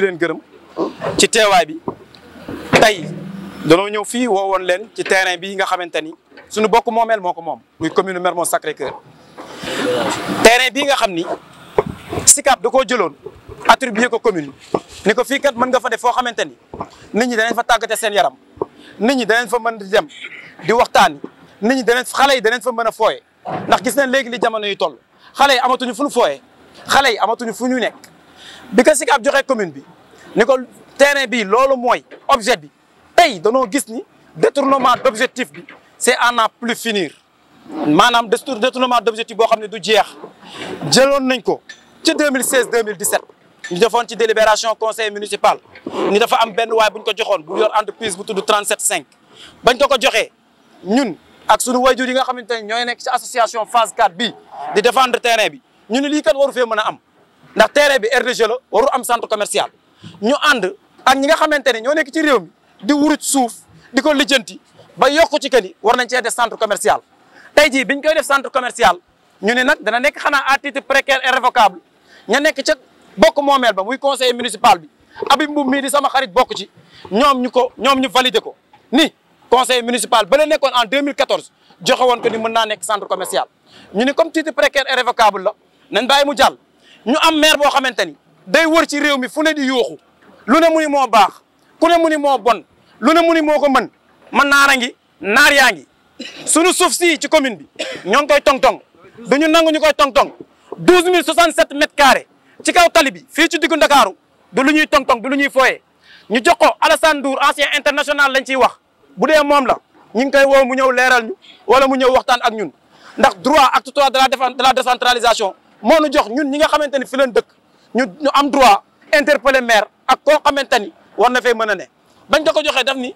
di leen gërëm ci teewaay bi tey danoo ñëw fii woo woon leen ci terrain bi nga xamante ni suñu bokk moomeel moo ko moom muy commune Mermoz Sacré-Cœur terrain bii nga xam ni SICAP da koo jëloon atribuer ko commune ni ko fii kat mën nga fa def foo xamante ni nit ñi danañ fa tàggate seen yaram ni ñi danañ fa mën di dem di waxtaan ni ñi danañ xale yi danañ fa mën a fooye ndax gis nañ léegi li jamono yi toll xale yi amatuñu fu ñu fooye xale yi amatuñu fu ñu nekk bi ko Sicap joxee commune bi ni ko terrain bi loolu mooy objet bi tey danoo gis ni détournement d' objectif bi c' est à n'en plus finir maanaam détournement d' objectif boo xam ne du jeex jëloon nañ ko ci 2016 2017 ñu defoon ci délibération conseil municipal ni dafa am benn waay bu ñu ko joxoon bu yor entreprise bu tudd 375 bañ ko ko joxee ñun ak sunu wayjur yi nga xamante ne ñooy nekk ci association phase 4 bii di défendre terrain bi ñu ni lii kat waru fee mën a am ndax terrain bi RDG la waru am centre commercial ñu ànd ak ñi nga xamante ne ñoo nekk ci réew mi di wuruj suuf di ko lijjanti ba yokku ci kani war nañ cee def centre commercial tey jii biñ koy def centre commercial ñu ne nag dana nekk xanaa à titre précaire et révocable ña nekk ca bokk moomeel ba muy conseil municipal bi Habib Mboub mii di sama xarit bokk ci ñoom ñu ko ñoom ñu valider ko ni conseil municipal ba la nekkoon en 2014 joxe woon mën naa nekk centre commercial ñu ni comme titre précaire et révocable la nañ ñu am maire boo xamante ni day wër ci réew mi fu ne di yooxu lu ne mu ni moo baax ku ne mu ni moo bon lu ne mu ni moo ko mën man naara ngi naar yaa ngi suñu suuf sii ci commune bi ñoo ngi koy tong-tong duñu nangu ñu koy tong-tong douze mille soixante-sept mètres carrés ci kaw tali bi fii ci diggu Ndakaaru du lu ñuy tong-tong du lu ñuy fooyee ñu jox ko Alassane Ndour ancien international lañ ciy wax bu dee moom la ñu ngi koy woo mu ñëw leeral ñu wala mu ñëw waxtaan ak ñun ndax droit acte trois de la de la décentralisation moo nu jox ñun ñi nga xamante ni fi leen dëkk ñu ñu am droit interpeller maire ak koo xamante ni war na fay mën a ne bañ ko ko joxee daf ni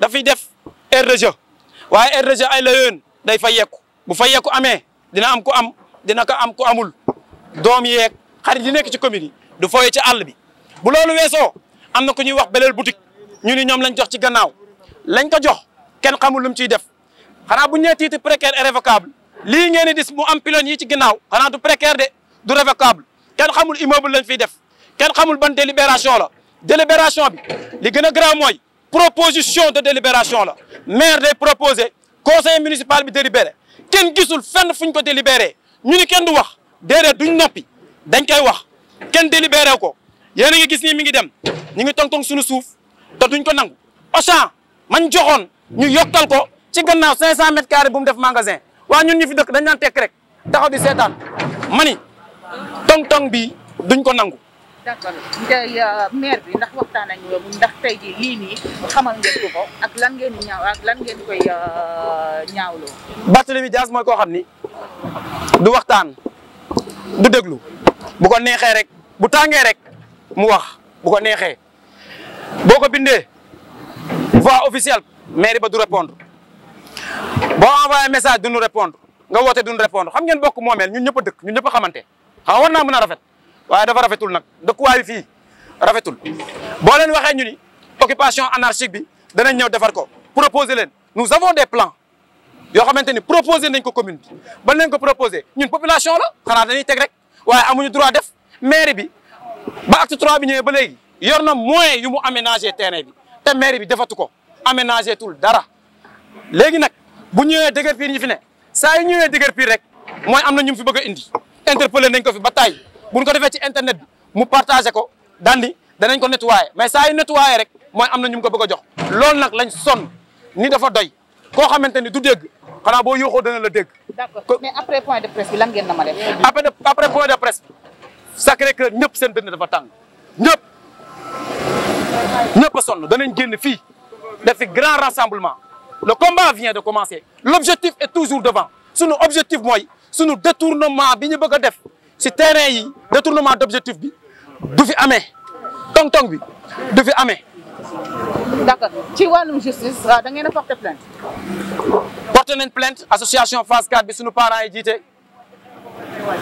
dafay def aire de waaye aire de ay la yoon day fa yekku bu fa yekku amee dina am ku am dina ko am ku amul doom yeeg xarit di nekk ci commune yi du fooye ci àll bi bu loolu weesoo am na ku ñuy wax beleel boutique ñu ni ñoom lañ jox ci gannaaw lañ ko jox kenn xamul lu mu ciy def xanaa bu ñu nee titre précaire et révocable lii ngeen di gis mu am pylône yi ci ginnaaw xanaa du précaire de du révocable kenn xamul immeuble lañ fiy def kenn xamul ban délibération la délibération bi li gën a grave mooy proposition de délibération la maire day proposé conseil municipal bi délibéré kenn gisul fenn fuñ ko délibéré ñu ni kenn du wax déedéet duñ noppi dañ koy wax kenn délibéré ko yéen a ngi gis nii mi ngi dem ñu ngi tong tong suñu suuf te duñ ko nangu Auchan man joxoon ñu yokkal ko ci gannaaw 500 mètres carrés bu mu def magasin waa ñun ñu fi dëkk dañ naan tekk rek taxaw di seetaan mani tong-tong bi duñ ko nangu. d'accord euh, maire bi ndax tey jii lii nii xamal ngeen ko ko euh, koo xam ni du waxtaan du déglu bu ko neexee rek bu tàngee rek mu wax bu ko neexee boo ko bindee voie officielle maire ba du répondre boo envoyé message duñu répondre nga woote duñu répondre xam ngeen bokk moomeel ñun ñëpp a dëkk ñun ñëpp a xamante xam war naa mën a rafet waaye dafa rafetul nag dëkkuwaay bi fii rafetul boo leen waxee ñu ni occupation anarchique bi danañ ñëw defar ko proposer leen nous avons des plan yoo xamante ni proposer nañ ko commune bi ban leen ko proposer ñun population la xanaa dañuy teg rek waaye amuñu droit def mairie bi ba acte trois bi ñëwee ba léegi yor na moyen yu mu aménager terrain bi te mairie bi defatu ko aménager tul dara nag bu ñëwee dëgër piir ñi fi ne saa yu ñëwee dëgër piir rek mooy am na ñu fi bëgg a indi interpellé nañ ko fi ba tàyyi buñ ko defee ci internet bi mu partagé ko dandi danañ ko nettoyé mais saa yu nettoyé rek mooy am na ñu ko bëgg jox loolu nag lañ sonn ni dafa doy koo xamante ni du dégg xanaa boo yóoxoo dana la dégg. d'accord mais après point de presse bi lan ngeen na ma def. après après point de presse bi ñëpp seen dënn dafa tàng ñëpp ñëpp sonn danañ génn fii def fi grand rassemblement le combat de commencer l'objectif est toujours devant sunu objectif mooy sunu détournement bi ñu bëgg a def si terrain yi détournement d'objectif bi du fi amee tong-tong bi du fi amee. d'accord ci wàllum justice euh, da ngeen a porté plainte. porté nañ plainte association Fass 4 bi sunu parents yi jiite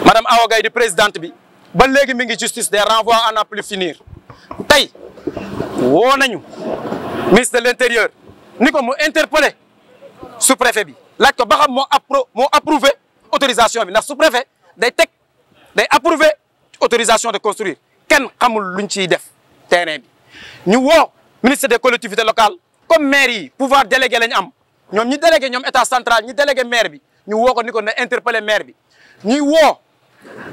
madame Awa di présidente bi ba léegi mi ngi justice des renvois à n'en plus finir tey woo nañu ministre de l'intérieur. ni ko mu interpellé sous préfet bi laaj ko ba xam moo appro moo approuvé autorisation bi ndax sous préfet day teg day approuvé autorisation de construire kenn xamul luñ ciy def terrain bi ñu woo ministre de collectivités locales comme maire yi pouvoir délégué la ñu am ñoom ñi délégué ñoom état central ñi délégué maire bi ñu woo ko ni ko na interpellé maire bi ñuy woo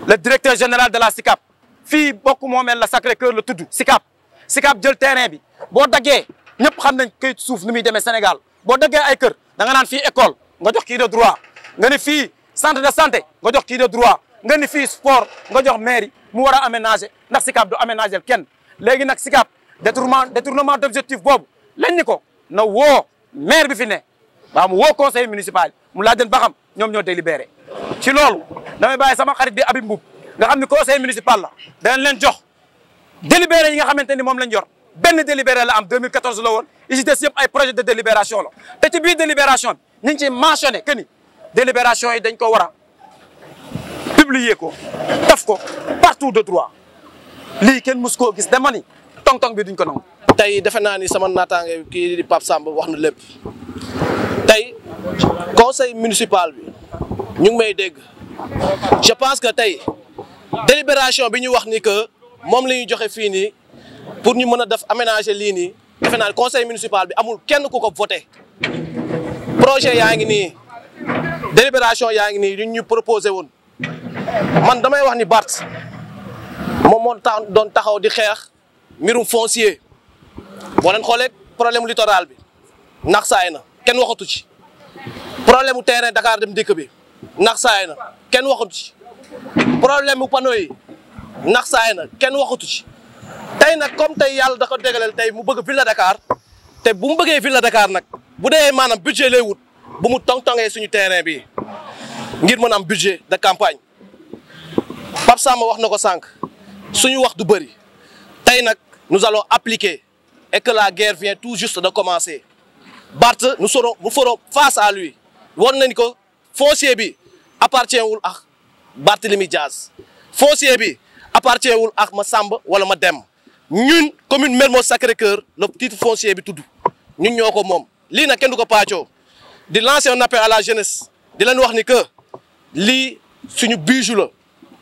le directeur général de la SICAP fii bokk moomeel la Sacré-Cœur la tudd SICAP SICAP jël terrain bi boo daggee ñëpp xam nañ kayit suuf nu muy demee Sénégal boo daggee ay kër da naan fii école nga jox kii de droit nga ne fii centre de santé nga jox kii de droit nga ne fii sport nga jox mairie mu war a aménager ndax SICAP du aménager kenn léegi nag SICAP détournement détournement d' objectif boobu lañ ni ko na woo maire bi fi ne waaw mu woo conseil municipal mu laaj leen ba xam ñoom ñoo délibéré ci loolu damay bàyyi sama xarit bi Habib Mboup nga xam ne conseil municipal la danañ leen jox délibéré yi nga xamante ni moom lañ yor benn délibéré la am 2014 la woon it ci des yëpp ay projet de délibération la te ci biir délibération bi ñu ngi ci mentionné que ni délibération yi dañ ko war a publier ko def ko partout de droit lii kenn mës koo gis dama ni tong-tong bi duñ ko nangu. tey defe naa ni sama naataange kii di Samb wax na lépp tey conseil municipal bi ñu ngi may dégg je pense que tey délibération bi ñu wax ni que moom la ñu joxe fii pour ñu mën a def aménagé lii nii defe conseil municipal bi amul kenn ku ko voté projet yaa ngi nii délibération yaa ngi nii ñu proposé woon man damay wax ni Bart moom moo tax doon taxaw di xeex mbirum foncier boo leen xoolee problème littoral bi nax saay na kenn waxatu ci problème mu terrain Dakar dem dikk bi nax saay na kenn waxutu ci problème mu panneau yi nax saay na kenn waxatu ci. tey nag comme tey yàlla da ko tey mu bëgg ville de Dakar te bu mu bëggee ville de Dakar nag bu dee maanaam budget lay wut bu mu tong-tongee suñu terrain bi ngir mën am budget de campagne Pape Samba wax na ko sànq suñu wax du bëri tey nag nous allons appliquer et que la guerre vient tout juste de commencer Bart nous serons nous face à lui war nañ ko foncier bi appartient wul ak Barthélémy Diaz foncier bi appartient wul ak ma samb wala ma Dem ñun commune Mermoz Sacré-Cœur le titre foncier bi tudd ñun ñoo ko moom lii nag kenn du ko paacoo di lancer o appel à la jeunesse di leen wax ni que lii suñu bijou la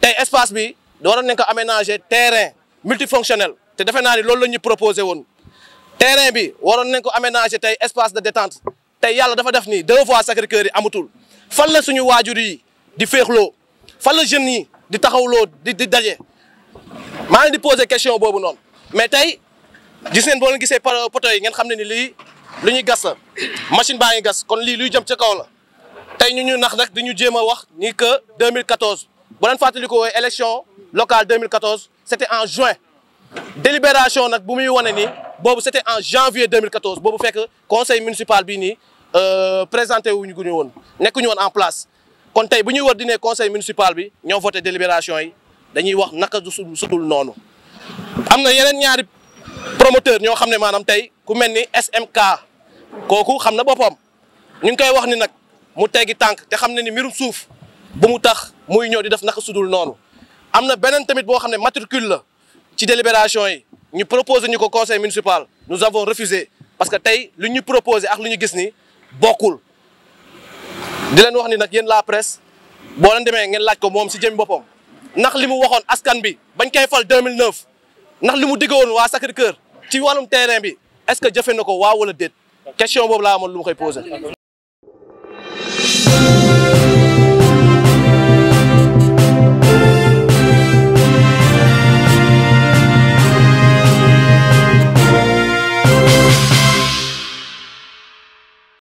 tey espace bi waroon nañ ko aménager terrain multifonctionnel te defe naa ni loolu la ñu proposé woon terrain bi waroon nañ ko aménager tey espace de détente tey yàlla dafa def ni deux voies Sacré-Cœur yi amatul fan la suñu waajur yi di féexloo fan la jeunes yi di taxawloo di di daje maa ngi di poser question boobu noonu mais tey gis ngeen boo leen gisee poteau yi ngeen xam ne ni lii lu ñuy gas la machine baa ngi gas kon lii luy jëm ca kaw la tey ñu ñu nax nag dañu ñu jéem a wax ni que 2014 bu leen fàttali ko woy élection locale 2014 c' était en juin délibération nag bu muy wane ni boobu c' était en janvier 2014 boobu fekk conseil municipal bii nii euh, présenté wuñu guñu woon nekkuñu woon en place kon tey bu ñuy war di conseil municipal bi ñoo voté délibération yi dañuy wax naka du sudul noonu am na yeneen ñaari promoteur ñoo xam ne maanaam tey ku mel ni SMK kooku xam na boppam ñu ngi koy wax ni nag mu teggi tànk te xam ne ni mbirum suuf bu mu tax muy ñëw di def naka sudul noonu am na beneen tamit boo xam ne matricule la ci délibération yi ñu proposé ñu ko conseil municipal nous avons refusé parce que tey lu ñu proposé ak lu ñu gis ni bokkul di leen wax ni nag yéen la presse boo leen demee ngeen laaj ko moom si jëm boppam ndax li mu waxoon askan bi bañ koy fal 2009 ndax li mu diggoon waa Sacré Cœur ci wàllum terrain bi est-ce que jëfe na ko waa wala déet question boobu laa amoon lu ma koy posé.